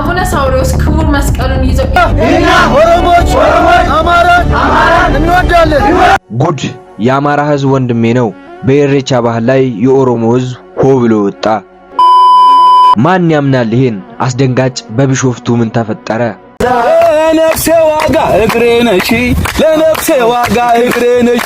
አቡነ ሳዊሮስ ክቡር መስቀሉን ይዘው እኛ ኦሮሞች፣ አማራን እንወዳለን። ጉድ! የአማራ ህዝብ ወንድሜ ነው። በኢሬቻ ባህል ላይ የኦሮሞ ህዝብ ሆ ብሎ ወጣ። ማን ያምናል ይሄን? አስደንጋጭ በቢሾፍቱ ምን ተፈጠረ? ለነፍሴ ዋጋ እግሬ ነሽ፣ ለነፍሴ ዋጋ እግሬ ነሽ።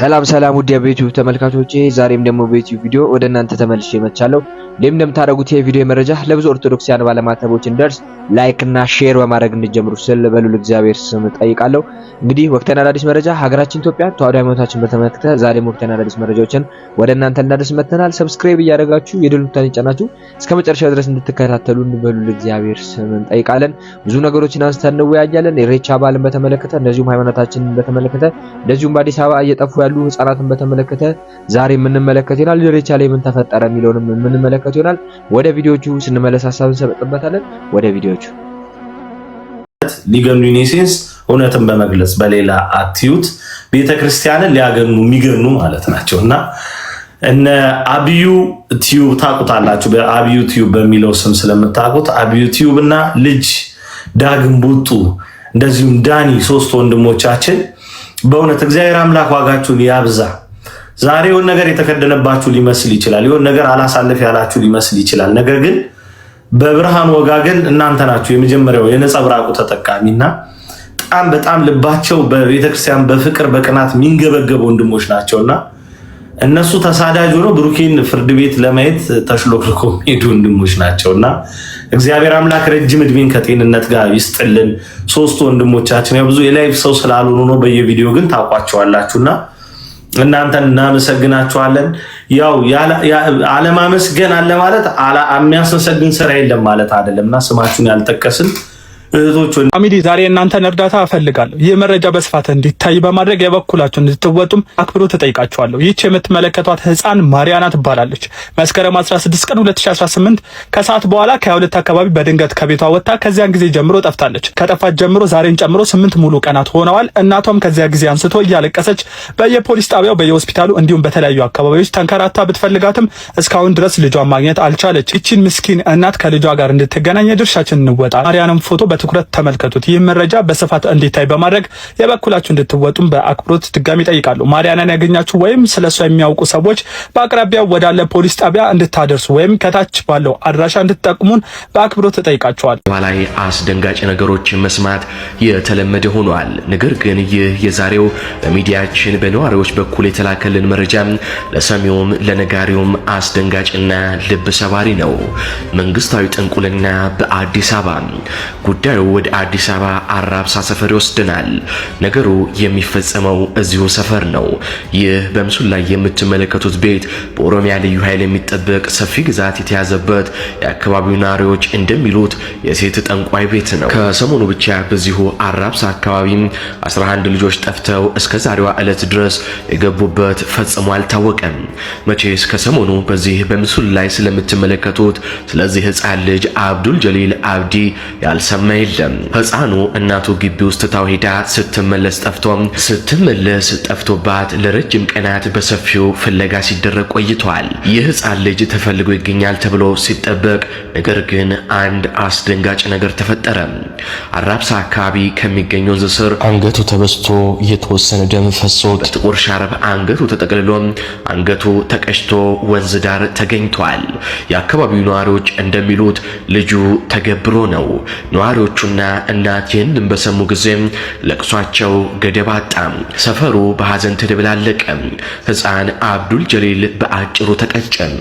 ሰላም ሰላም፣ ውድ የዩቲዩብ ተመልካቾቼ፣ ዛሬም ደግሞ በዩቲዩብ ቪዲዮ ወደ እናንተ ተመልሼ መጥቻለሁ። ለምን እንደምታደርጉት የቪዲዮ መረጃ ለብዙ ኦርቶዶክሳውያን ባለማተቦች እንደርስ ላይክ እና ሼር በማድረግ እንጀምሩ ስል በልዑል እግዚአብሔር ስም ጠይቃለሁ። እንግዲህ ወቅታዊና አዳዲስ መረጃ ሀገራችን ኢትዮጵያ ተዋሕዶ ሃይማኖታችን በተመለከተ ዛሬም ወቅታዊና አዳዲስ መረጃዎችን ወደ እናንተ እናደርስ መጥተናል። ሰብስክራይብ እያደረጋችሁ የደሉታን ይጫናችሁ እስከ መጨረሻው ድረስ እንድትከታተሉ በልዑል እግዚአብሔር ስም እንጠይቃለን። ብዙ ነገሮችን አንስተን እንወያያለን። ኢሬቻ በዓልን በተመለከተ እንደዚሁም ሃይማኖታችንን በተመለከተ እንደዚሁም በአዲስ አበባ እየጠፉ ያሉ ህጻናትን በተመለከተ ዛሬ የምንመለከት ይሆናል። ሬቻ ላይ ምን ተፈጠረ የሚለውንም የምንመለከት የምንመለከት ይሆናል። ወደ ቪዲዮቹ ስንመለስ ሀሳብ እንሰበጥበታለን። ወደ ቪዲዮቹ ሊገኑ ዩኒሴንስ እውነትን በመግለጽ በሌላ አትዩት ቤተክርስቲያንን ሊያገኑ የሚገኑ ማለት ናቸው እና እነ አብዩ ቲዩብ ታቁታላችሁ። በአብዩ ቲዩብ በሚለው ስም ስለምታቁት አብዩ ቲዩብ እና ልጅ ዳግም ቡጡ እንደዚሁም ዳኒ ሶስት ወንድሞቻችን በእውነት እግዚአብሔር አምላክ ዋጋችሁን ያብዛ። ዛሬ የሆነ ነገር የተከደነባችሁ ሊመስል ይችላል። የሆነ ነገር አላሳልፍ ያላችሁ ሊመስል ይችላል። ነገር ግን በብርሃን ወጋገን እናንተ ናችሁ የመጀመሪያው የነጸብራቁ ተጠቃሚና በጣም በጣም ልባቸው በቤተክርስቲያን በፍቅር በቅናት የሚንገበገቡ ወንድሞች ናቸውና እነሱ ተሳዳጅ ሆነው ብሩኬን ፍርድ ቤት ለማየት ተሽሎክልኮ የሚሄዱ ወንድሞች ናቸው እና እግዚአብሔር አምላክ ረጅም እድሜን ከጤንነት ጋር ይስጥልን። ሶስቱ ወንድሞቻችን ያው ብዙ የላይፍ ሰው ስላልሆኑ ነው። በየቪዲዮ ግን ታውቋቸዋላችሁና እናንተን እናመሰግናችኋለን። ያው አለማመስገን አለ ማለት የሚያስመሰግን ስራ የለም ማለት አይደለም እና ስማችሁን ያልጠቀስን እህቶች አሚዲ ዛሬ እናንተን እርዳታ እፈልጋለሁ። ይህ መረጃ በስፋት እንዲታይ በማድረግ የበኩላችሁን እንድትወጡም አክብሮ ተጠይቃችኋለሁ። ይህች የምትመለከቷት ህፃን ማሪያና ትባላለች። መስከረም 16 ቀን 2018 ከሰዓት በኋላ ከ22 አካባቢ በድንገት ከቤቷ ወጥታ ከዚያን ጊዜ ጀምሮ ጠፍታለች። ከጠፋት ጀምሮ ዛሬን ጨምሮ ስምንት ሙሉ ቀናት ሆነዋል። እናቷም ከዚያ ጊዜ አንስቶ እያለቀሰች በየፖሊስ ጣቢያው፣ በየሆስፒታሉ እንዲሁም በተለያዩ አካባቢዎች ተንከራታ ብትፈልጋትም እስካሁን ድረስ ልጇን ማግኘት አልቻለች። ይቺን ምስኪን እናት ከልጇ ጋር እንድትገናኝ የድርሻችን እንወጣ። ማሪያንም ፎቶ በትኩረት ተመልከቱት። ይህ መረጃ በስፋት እንዲታይ በማድረግ የበኩላችሁ እንድትወጡም በአክብሮት ድጋሚ ይጠይቃሉ። ማርያናን ያገኛችሁ ወይም ስለሷ የሚያውቁ ሰዎች በአቅራቢያው ወዳለ ፖሊስ ጣቢያ እንድታደርሱ ወይም ከታች ባለው አድራሻ እንድትጠቁሙን በአክብሮት ተጠይቃቸዋል። ላይ አስደንጋጭ ነገሮች መስማት የተለመደ ሆኗል። ነገር ግን ይህ የዛሬው በሚዲያችን በነዋሪዎች በኩል የተላከልን መረጃ ለሰሚውም ለነጋሪውም አስደንጋጭና ልብ ሰባሪ ነው። መንግስታዊ ጥንቁልና በአዲስ አበባ ጉዳይ ጉዳዩ ወደ አዲስ አበባ አራብሳ ሰፈር ይወስደናል። ነገሩ የሚፈጸመው እዚሁ ሰፈር ነው። ይህ በምስሉ ላይ የምትመለከቱት ቤት በኦሮሚያ ልዩ ኃይል የሚጠበቅ ሰፊ ግዛት የተያዘበት የአካባቢው ነዋሪዎች እንደሚሉት የሴት ጠንቋይ ቤት ነው። ከሰሞኑ ብቻ በዚሁ አራብሳ አካባቢም 11 ልጆች ጠፍተው እስከ ዛሬዋ ዕለት ድረስ የገቡበት ፈጽሞ አልታወቀም። መቼስ ከሰሞኑ በዚህ በምስሉ ላይ ስለምትመለከቱት ስለዚህ ህፃን ልጅ አብዱል ጀሊል አብዲ ያልሰማ የለም። ህፃኑ እናቱ ግቢ ውስጥ ትታው ስትመለስ ጠፍቶ ስትመለስ ጠፍቶባት ለረጅም ቀናት በሰፊው ፍለጋ ሲደረግ ቆይቷል። የህፃን ልጅ ተፈልጎ ይገኛል ተብሎ ሲጠበቅ፣ ነገር ግን አንድ አስደንጋጭ ነገር ተፈጠረ። አራብሳ አካባቢ ከሚገኝ ወንዝ ስር አንገቱ ተበስቶ የተወሰነ ደም ፈሶት በጥቁር ሻርብ አንገቱ ተጠቅልሎ አንገቱ ተቀጭቶ ወንዝ ዳር ተገኝቷል። የአካባቢው ነዋሪዎች እንደሚሉት ልጁ ተገብሮ ነው። ነዋሪዎች ልጆቹና እናት ይህንን በሰሙ ጊዜም ለቅሷቸው ገደብ አጣም። ሰፈሩ በሐዘን ተደብላለቀ። ሕፃን አብዱል ጀሊል በአጭሩ ተቀጨም።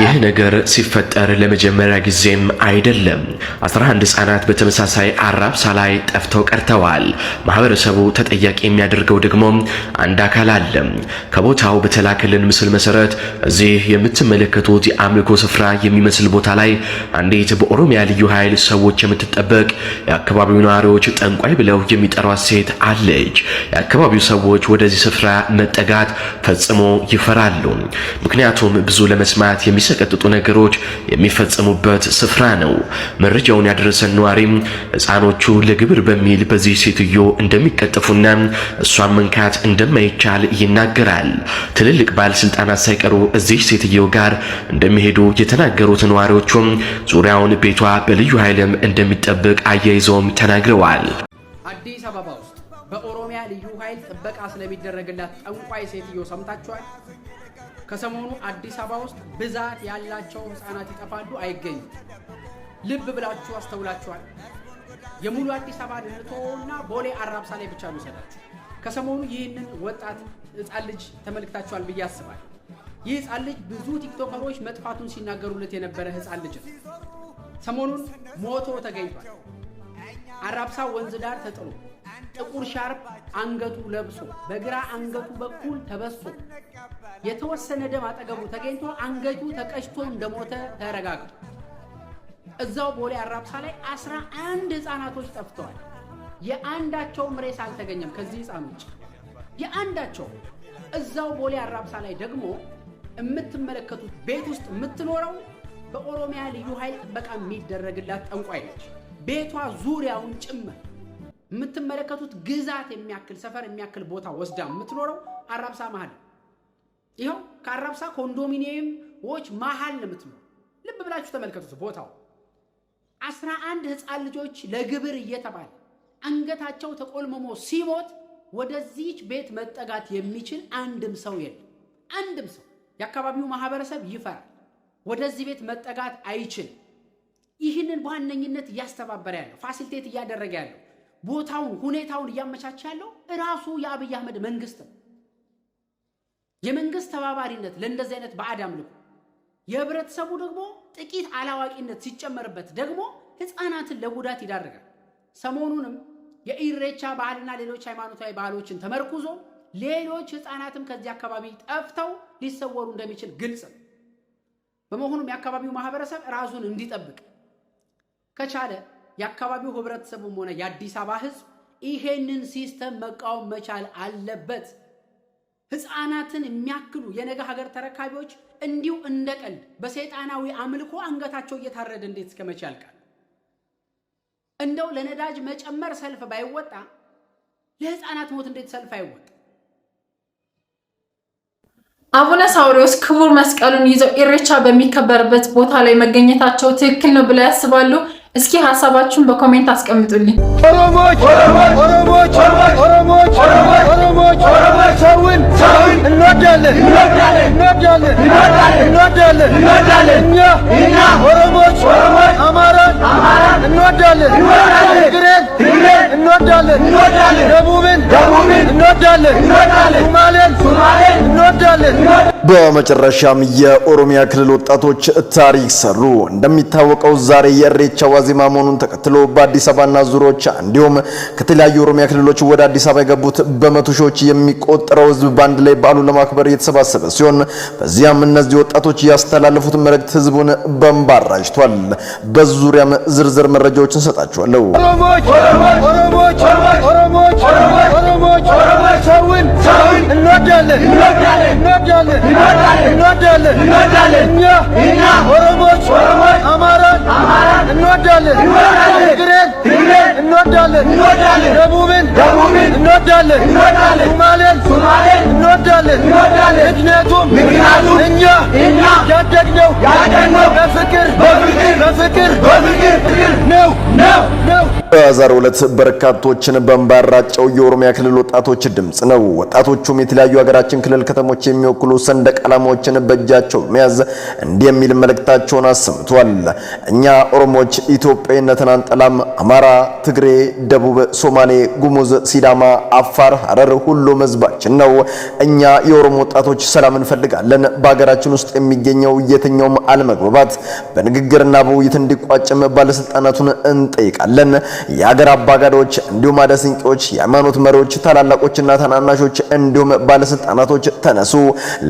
ይህ ነገር ሲፈጠር ለመጀመሪያ ጊዜም አይደለም። 11 ህጻናት በተመሳሳይ አራብሳ ላይ ጠፍተው ቀርተዋል። ማህበረሰቡ ተጠያቂ የሚያደርገው ደግሞ አንድ አካል አለ። ከቦታው በተላከልን ምስል መሰረት እዚህ የምትመለከቱት የአምልኮ ስፍራ የሚመስል ቦታ ላይ አንዲት በኦሮሚያ ልዩ ኃይል ሰዎች የምትጠበቅ የአካባቢው ነዋሪዎች ጠንቋይ ብለው የሚጠሯት ሴት አለች። የአካባቢው ሰዎች ወደዚህ ስፍራ መጠጋት ፈጽሞ ይፈራሉ። ምክንያቱም ብዙ ለመስማት የሚ የሚሰቀጥጡ ነገሮች የሚፈጸሙበት ስፍራ ነው። መረጃውን ያደረሰን ነዋሪም ህፃኖቹ ለግብር በሚል በዚህ ሴትዮ እንደሚቀጠፉና እሷን መንካት እንደማይቻል ይናገራል። ትልልቅ ባለስልጣናት ሳይቀሩ እዚህ ሴትዮ ጋር እንደሚሄዱ የተናገሩት ነዋሪዎቹም ዙሪያውን ቤቷ በልዩ ኃይልም እንደሚጠብቅ አያይዘውም ተናግረዋል። አዲስ አበባ ውስጥ በኦሮሚያ ልዩ ኃይል ጥበቃ ስለሚደረግላት ጠንቋይ ሴትዮ ሰምታችኋል? ከሰሞኑ አዲስ አበባ ውስጥ ብዛት ያላቸው ህፃናት ይጠፋሉ፣ አይገኙም። ልብ ብላችሁ አስተውላችኋል? የሙሉ አዲስ አበባ ንቶና ቦሌ አራብሳ ላይ ብቻ ሚሰዳችሁ። ከሰሞኑ ይህንን ወጣት ህፃን ልጅ ተመልክታችኋል ብዬ አስባል ይህ ህፃን ልጅ ብዙ ቲክቶከሮች መጥፋቱን ሲናገሩለት የነበረ ህፃን ልጅ ነው። ሰሞኑን ሞቶ ተገኝቷል። አራብሳ ወንዝ ዳር ተጥሎ ጥቁር ሻርፕ አንገቱ ለብሶ በግራ አንገቱ በኩል ተበሶ የተወሰነ ደም አጠገቡ ተገኝቶ አንገቱ ተቀጭቶ እንደሞተ ተረጋግጧል። እዛው ቦሌ አራብሳ ላይ አስራ አንድ ህፃናቶች ጠፍተዋል። የአንዳቸውም ሬስ አልተገኘም። ከዚህ ህፃን ውጭ የአንዳቸው እዛው ቦሌ አራብሳ ላይ ደግሞ የምትመለከቱት ቤት ውስጥ የምትኖረው በኦሮሚያ ልዩ ኃይል ጥበቃ የሚደረግላት ጠንቋይ ነች። ቤቷ ዙሪያውን ጭምር የምትመለከቱት ግዛት የሚያክል ሰፈር የሚያክል ቦታ ወስዳ የምትኖረው አራብሳ መሀል ይኸው ከአራብሳ ኮንዶሚኒየሞች መሀል ነው የምትኖረው። ልብ ብላችሁ ተመልከቱት ቦታው አስራ አንድ ህፃን ልጆች ለግብር እየተባለ አንገታቸው ተቆልመሞ ሲሞት ወደዚች ቤት መጠጋት የሚችል አንድም ሰው የለም። አንድም ሰው የአካባቢው ማህበረሰብ ይፈራል። ወደዚህ ቤት መጠጋት አይችልም። ይህንን በዋነኝነት እያስተባበረ ያለው ፋሲልቴት እያደረገ ያለው ቦታውን ሁኔታውን እያመቻቸ ያለው ራሱ የአብይ አህመድ መንግስት ነው። የመንግስት ተባባሪነት ለእንደዚህ አይነት ባዕድ አምልኮ፣ የህብረተሰቡ ደግሞ ጥቂት አላዋቂነት ሲጨመርበት ደግሞ ህፃናትን ለጉዳት ይዳርጋል። ሰሞኑንም የኢሬቻ ባህልና ሌሎች ሃይማኖታዊ ባህሎችን ተመርኩዞ ሌሎች ህፃናትም ከዚህ አካባቢ ጠፍተው ሊሰወሩ እንደሚችል ግልጽ ነው። በመሆኑም የአካባቢው ማህበረሰብ ራሱን እንዲጠብቅ ከቻለ የአካባቢው ህብረተሰቡም ሆነ የአዲስ አበባ ህዝብ ይሄንን ሲስተም መቃወም መቻል አለበት። ህፃናትን የሚያክሉ የነገ ሀገር ተረካቢዎች እንዲሁ እንደ ቀልድ በሰይጣናዊ አምልኮ አንገታቸው እየታረደ እንዴት እስከ መቼ ያልቃል? እንደው ለነዳጅ መጨመር ሰልፍ ባይወጣ ለህፃናት ሞት እንዴት ሰልፍ አይወጣ? አቡነ ሳውሪዎስ ክቡር መስቀሉን ይዘው ኢሬቻ በሚከበርበት ቦታ ላይ መገኘታቸው ትክክል ነው ብለው ያስባሉ? እስኪ ሀሳባችሁን በኮሜንት አስቀምጡልኝ። ኦሮሞች ኦሮሞች ኦሮሞች ኦሮሞች ሰውን ሰውን እንወዳለን እንወዳለን እንወዳለን እንወዳለን እኛ ኦሮሞች አማራን እንወዳለን ትግሬን እንወዳለን ደቡብን ደቡብን እንወዳለን ሱማሌን ሱማሌን እንወዳለን በመጨረሻም የኦሮሚያ ክልል ወጣቶች ታሪክ ሰሩ። እንደሚታወቀው ዛሬ የኢሬቻ ዋዜማ መሆኑን ተከትሎ በአዲስ አበባና ዙሮች እንዲሁም ከተለያዩ የኦሮሚያ ክልሎች ወደ አዲስ አበባ የገቡት በመቶ ሺዎች የሚቆጠረው ህዝብ በአንድ ላይ በዓሉን ለማክበር የተሰባሰበ ሲሆን በዚያም እነዚህ ወጣቶች ያስተላለፉት መልእክት ህዝቡን በእንባ አራጭቷል። በዙሪያም ዝርዝር መረጃዎችን እንሰጣችኋለሁ። እንወዳለን እንወዳለን እንወዳለን እኛ ኦሮሞች ኦሮሞች አማራን አማራን እንወዳለን እንወዳለን ትግሬን ትግሬን እንወዳለን እንወዳለን ደቡብን ደቡብን እንወዳለን እንወዳለን፣ ሱማሌን ሱማሌን እንወዳለን እንወዳለን። ምክንያቱም ምክንያቱም እኛ እኛ ያደግነው ያደግነው በፍቅር በፍቅር በፍቅር በፍቅር ፍቅር ነው ነው ነው። በዛሬው ዕለት በርካቶችን በእንባ የኦሮሚያ ክልል ወጣቶች ድምጽ ነው። ወጣቶቹም የተለያዩ ሀገራችን ክልል ከተሞች የሚወክሉ ሰንደቅ ዓላማዎችን በእጃቸው መያዝ እንዲህ የሚል መልእክታቸውን አሰምቷል። እኛ ኦሮሞዎች ኢትዮጵያዊነትን አንጠላም። አማራ፣ ትግሬ፣ ደቡብ፣ ሶማሌ፣ ጉሙ ደሞዝ ሲዳማ፣ አፋር፣ ሀረር ሁሉም ህዝባችን ነው። እኛ የኦሮሞ ወጣቶች ሰላም እንፈልጋለን። በሀገራችን ውስጥ የሚገኘው የትኛውም አለመግባባት በንግግርና በውይይት እንዲቋጭም ባለስልጣናቱን እንጠይቃለን። የሀገር አባጋዳዎች እንዲሁም አደስንቄዎች፣ የሃይማኖት መሪዎች፣ ታላላቆችና ታናናሾች እንዲሁም ባለስልጣናቶች ተነሱ፣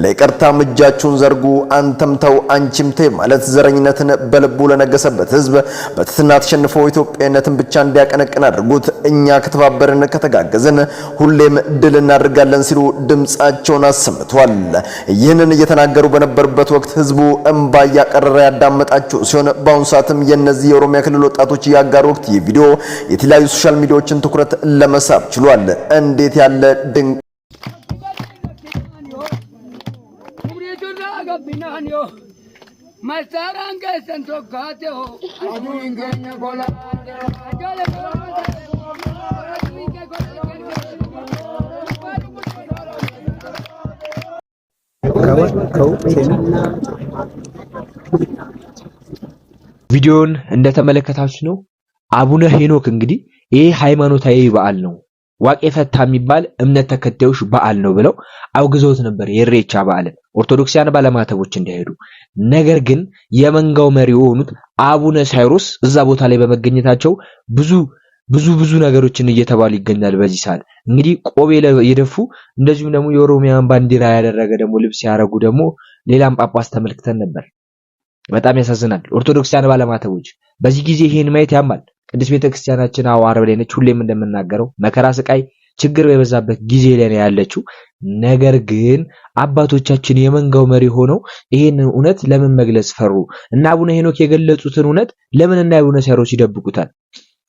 ለይቅርታም እጃችሁን ዘርጉ። አንተም ተው አንቺም ተይ ማለት ዘረኝነትን በልቡ ለነገሰበት ህዝብ በትትና ተሸንፎ ኢትዮጵያዊነትን ብቻ እንዲያቀነቅን አድርጉት። እኛ ከተባበርን ተባብረን ከተጋገዝን ሁሌም ድል እናደርጋለን ሲሉ ድምጻቸውን አሰምቷል። ይህንን እየተናገሩ በነበርበት ወቅት ህዝቡ እምባ እያቀረረ ያዳመጣቸው ሲሆን በአሁኑ ሰዓትም የእነዚህ የኦሮሚያ ክልል ወጣቶች እያጋሩ ወቅት ይህ ቪዲዮ የተለያዩ ሶሻል ሚዲያዎችን ትኩረት ለመሳብ ችሏል። እንዴት ያለ ድንቅ መሳራን ቪዲዮን እንደተመለከታችሁ ነው። አቡነ ሄኖክ እንግዲህ ይህ ሃይማኖታዊ በዓል ነው፣ ዋቄ ፈታ የሚባል እምነት ተከታዮች በዓል ነው ብለው አውግዘውት ነበር። የሬቻ በዓልን ኦርቶዶክሲያን ባለማተቦች እንዳይሄዱ። ነገር ግን የመንጋው መሪ የሆኑት አቡነ ሳይሮስ እዛ ቦታ ላይ በመገኘታቸው ብዙ ብዙ ብዙ ነገሮችን እየተባሉ ይገኛል። በዚህ ሰዓት እንግዲህ ቆብ የደፉ እንደዚሁም ደግሞ የኦሮሚያን ባንዲራ ያደረገ ደግሞ ልብስ ያደረጉ ደግሞ ሌላም ጳጳስ ተመልክተን ነበር። በጣም ያሳዝናል። ኦርቶዶክሳን ባለማተቦች በዚህ ጊዜ ይህን ማየት ያማል። ቅድስት ቤተክርስቲያናችን አዎ አርብ ላይ ነች። ሁሌም እንደምናገረው መከራ፣ ስቃይ፣ ችግር በበዛበት ጊዜ ላይ ነው ያለችው። ነገር ግን አባቶቻችን የመንጋው መሪ ሆነው ይሄንን እውነት ለምን መግለጽ ፈሩ? እና አቡነ ሄኖክ የገለጹትን እውነት ለምን እና አቡነ ሳይሮስ ይደብቁታል?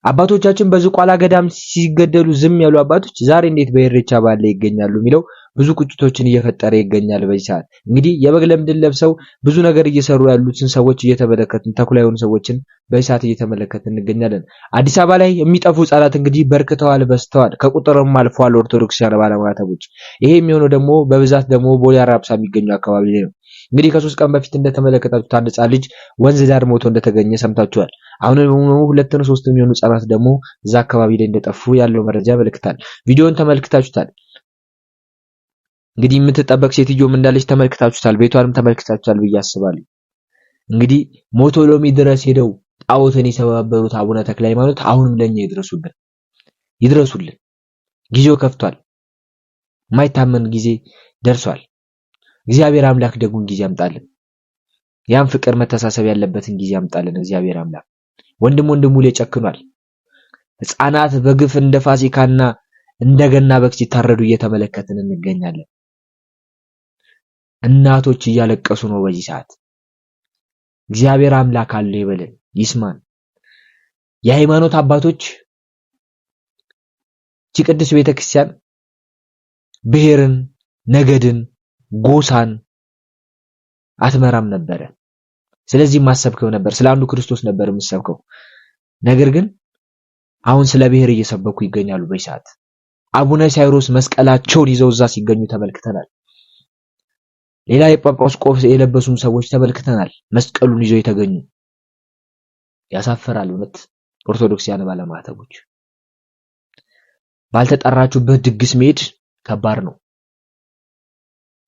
አባቶቻችን በዝቋላ ገዳም ሲገደሉ ዝም ያሉ አባቶች ዛሬ እንዴት በኢሬቻ በዓል ላይ ይገኛሉ የሚለው ብዙ ቁጭቶችን እየፈጠረ ይገኛል። በዚህ ሰዓት እንግዲህ የበግ ለምድን ለብሰው ብዙ ነገር እየሰሩ ያሉትን ሰዎች እየተመለከትን ተኩላ የሆኑ ሰዎችን በዚህ ሰዓት እየተመለከትን እንገኛለን። አዲስ አበባ ላይ የሚጠፉ ህጻናት እንግዲህ በርክተዋል፣ በስተዋል፣ ከቁጥርም አልፈዋል። ኦርቶዶክሳውያን ባለማዕተቦች ይሄ የሚሆነው ደግሞ በብዛት ደግሞ ቦሌ አራብሳ የሚገኙ አካባቢ ላይ ነው። እንግዲህ ከሶስት ቀን በፊት እንደተመለከታችሁት አንድ ሕጻን ልጅ ወንዝ ዳር ሞቶ እንደተገኘ ሰምታችኋል። አሁን ደግሞ ሁለት ነው ሶስት የሚሆኑ ህጻናት ደግሞ እዛ አካባቢ ላይ እንደጠፉ ያለው መረጃ ያመለክታል። ቪዲዮን ተመልክታችሁታል። እንግዲህ የምትጠበቅ ሴትዮም እንዳለች ተመልክታችሁታል። ቤቷንም ተመልክታችሁታል ብዬ አስባለሁ። እንግዲህ ሞቶሎሚ ድረስ ሄደው ጣዖትን የሰባበሩት አቡነ ተክለ ሃይማኖት አሁንም ለኛ ይድረሱልን፣ ይድረሱልን። ጊዜው ከፍቷል። የማይታመን ጊዜ ደርሷል። እግዚአብሔር አምላክ ደጉን ጊዜ ያምጣልን። ያን ፍቅር መተሳሰብ ያለበትን ጊዜ ያምጣልን እግዚአብሔር አምላክ። ወንድም ወንድሙ ላይ ጨክኗል። ህፃናት በግፍ እንደ ፋሲካና እንደገና ገና ሲታረዱ እየተመለከትን እንገኛለን። እናቶች እያለቀሱ ነው በዚህ ሰዓት። እግዚአብሔር አምላክ አለ ይበልን፣ ይስማን። የሃይማኖት አባቶች እቺ ቅድስት ቤተክርስቲያን ብሔርን፣ ነገድን፣ ጎሳን አትመራም ነበረ። ስለዚህ ማሰብከው ነበር። ስለ አንዱ ክርስቶስ ነበር የምሰብከው። ነገር ግን አሁን ስለ ብሔር እየሰበኩ ይገኛሉ። በሰዓት አቡነ ሳይሮስ መስቀላቸውን ይዘው እዛ ሲገኙ ተመልክተናል። ሌላ የጳጳስ ቆብ የለበሱም ሰዎች ተመልክተናል፣ መስቀሉን ይዘው የተገኙ ያሳፈራል። እውነት ኦርቶዶክሲያን ባለማተቦች ባልተጠራችሁበት ድግስ መሄድ ከባድ ነው።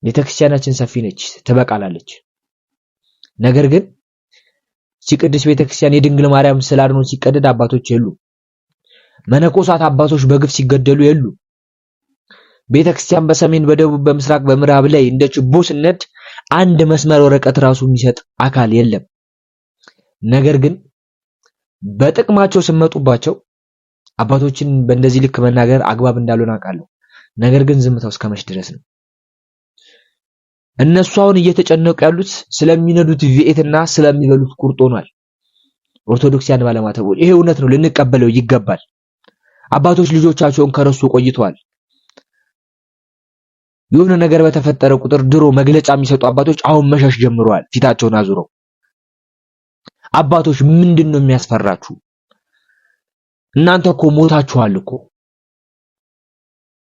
ቤተክርስቲያናችን ሰፊ ነች፣ ትበቃላለች። ነገር ግን ሲቅድስ ቤተክርስቲያን የድንግል ማርያም አድኖ ሲቀደድ አባቶች የሉ። መነኮሳት አባቶች በግፍ ሲገደሉ የሉ። ቤተክርስቲያን በሰሜን በደቡብ በምስራቅ በምዕራብ ላይ እንደ ችቦ ስነድ አንድ መስመር ወረቀት ራሱ የሚሰጥ አካል የለም። ነገር ግን በጥቅማቸው ስመጡባቸው አባቶችን በእንደዚህ ልክ መናገር አግባብ እንዳልሆነ አውቃለሁ። ነገር ግን ዝምታው እስከመች ድረስ ነው? እነሱ አሁን እየተጨነቁ ያሉት ስለሚነዱት ቪኤትና እና ስለሚበሉት ቁርጥ ሆኗል። ኦርቶዶክሲያን ባለማተቦች ይሄ እውነት ነው፣ ልንቀበለው ይገባል። አባቶች ልጆቻቸውን ከረሱ ቆይተዋል። የሆነ ነገር በተፈጠረ ቁጥር ድሮ መግለጫ የሚሰጡ አባቶች አሁን መሸሽ ጀምረዋል፣ ፊታቸውን አዙረው። አባቶች ምንድን ነው የሚያስፈራችሁ? እናንተ እኮ ሞታችኋል እኮ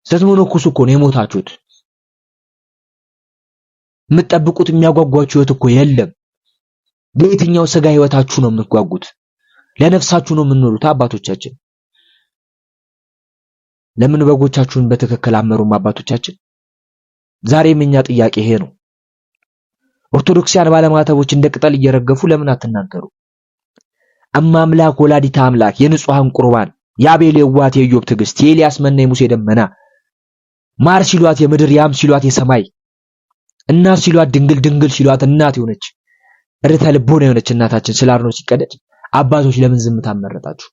ስትሞነኩሱ እኮ ነው የሞታችሁት። የምትጠብቁት የሚያጓጓችሁ ህይወት እኮ የለም። ለየትኛው ስጋ ህይወታችሁ ነው የምትጓጉት? ለነፍሳችሁ ነው የምንኖሩት። አባቶቻችን ለምን በጎቻችሁን በትክክል አመሩም? አባቶቻችን ዛሬም እኛ ጥያቄ ይሄ ነው። ኦርቶዶክሲያን ባለማተቦች እንደ ቅጠል እየረገፉ ለምን አትናገሩ? አምላክ ወላዲታ አምላክ የንጹሐን ቁርባን የአቤል የዋት የኢዮብ ትዕግስት የኤልያስ መና የሙሴ ደመና ማር ሲሏት የምድር ያም ሲሏት የሰማይ እናት ሲሏት ድንግል ድንግል ሲሏት እናት የሆነች ርዕተ ልቦና የሆነች እናታችን ስላርኖ ሲቀደድ አባቶች ለምን ዝምታ መረጣችሁ?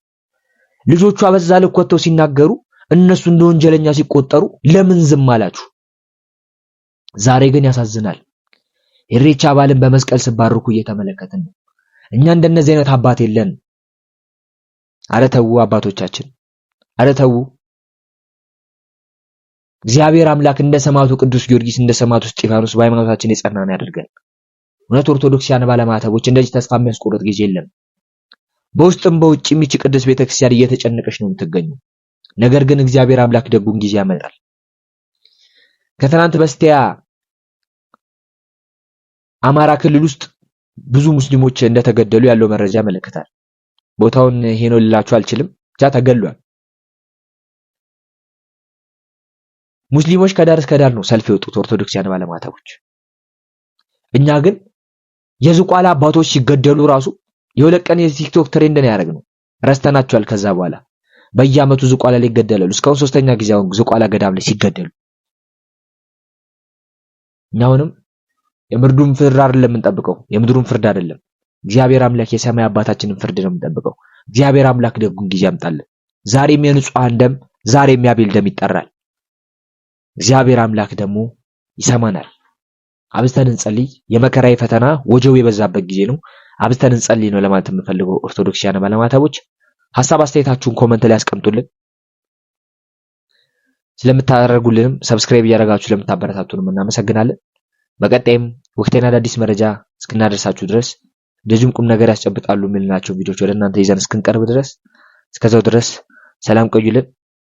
ልጆቿ በዛ ልክ ወጥተው ሲናገሩ እነሱ እንደ ወንጀለኛ ሲቆጠሩ ለምን ዝም አላችሁ? ዛሬ ግን ያሳዝናል። የኢሬቻ በዓልን በመስቀል ስባርኩ እየተመለከትን ነው። እኛ እንደነዚህ አይነት አባት የለን። አረተው አባቶቻችን፣ አረተው እግዚአብሔር አምላክ እንደ ሰማዕቱ ቅዱስ ጊዮርጊስ እንደ ሰማዕቱ እስጢፋኖስ በሃይማኖታችን የጸናን ያደርገን። እውነት ኦርቶዶክሲያን ባለማተቦች እንደዚህ ተስፋ የሚያስቆርጥ ጊዜ የለም። በውስጥም በውጭ የሚች ቅድስት ቤተክርስቲያን እየተጨነቀች ነው የምትገኘው። ነገር ግን እግዚአብሔር አምላክ ደጉን ጊዜ ያመጣል። ከትናንት በስቲያ አማራ ክልል ውስጥ ብዙ ሙስሊሞች እንደተገደሉ ያለው መረጃ ያመለክታል። ቦታውን ይሄ ነው ልላችሁ አልችልም፣ ብቻ ተገሏል። ሙስሊሞች ከዳር እስከ ዳር ነው ሰልፍ የወጡት ኦርቶዶክሲያን ባለማተቦች። እኛ ግን የዝቋላ አባቶች ሲገደሉ ራሱ የሁለት ቀን የቲክቶክ ትሬንድ ነው ያደረግነው። ረስተናቸዋል። ከዛ በኋላ በየአመቱ ዝቋላ ላይ ይገደላሉ። እስካሁን ሶስተኛ ጊዜ አሁን ዝቋላ ገዳም ላይ ሲገደሉ እኛ አሁንም የምርዱን ፍርድ አይደለም የምንጠብቀው፣ የምድሩን ፍርድ አይደለም እግዚአብሔር አምላክ የሰማይ አባታችንን ፍርድ ነው የምንጠብቀው። እግዚአብሔር አምላክ ደጉን ጊዜ ያምጣልን። ዛሬም የንጹሐን ደም ዛሬም ደም ይጠራል። እግዚአብሔር አምላክ ደግሞ ይሰማናል። አብዝተን እንጸልይ። የመከራዊ ፈተና ወጀው የበዛበት ጊዜ ነው። አብዝተን እንጸልይ ነው ለማለት የምፈልገው ኦርቶዶክሲያን ባለማተቦች። ሀሳብ አስተያየታችሁን ኮመንት ላይ አስቀምጡልን። ስለምታደርጉልንም ሰብስክራይብ እያደረጋችሁ ለምታበረታቱንም እናመሰግናለን። በቀጣይም ወቅታዊና አዳዲስ መረጃ እስክናደርሳችሁ ድረስ እንደዚሁም ቁም ነገር ያስጨብጣሉ የሚልናቸው ቪዲዮዎች ወደ እናንተ ይዘን እስክንቀርብ ድረስ እስከዛው ድረስ ሰላም ቆዩልን።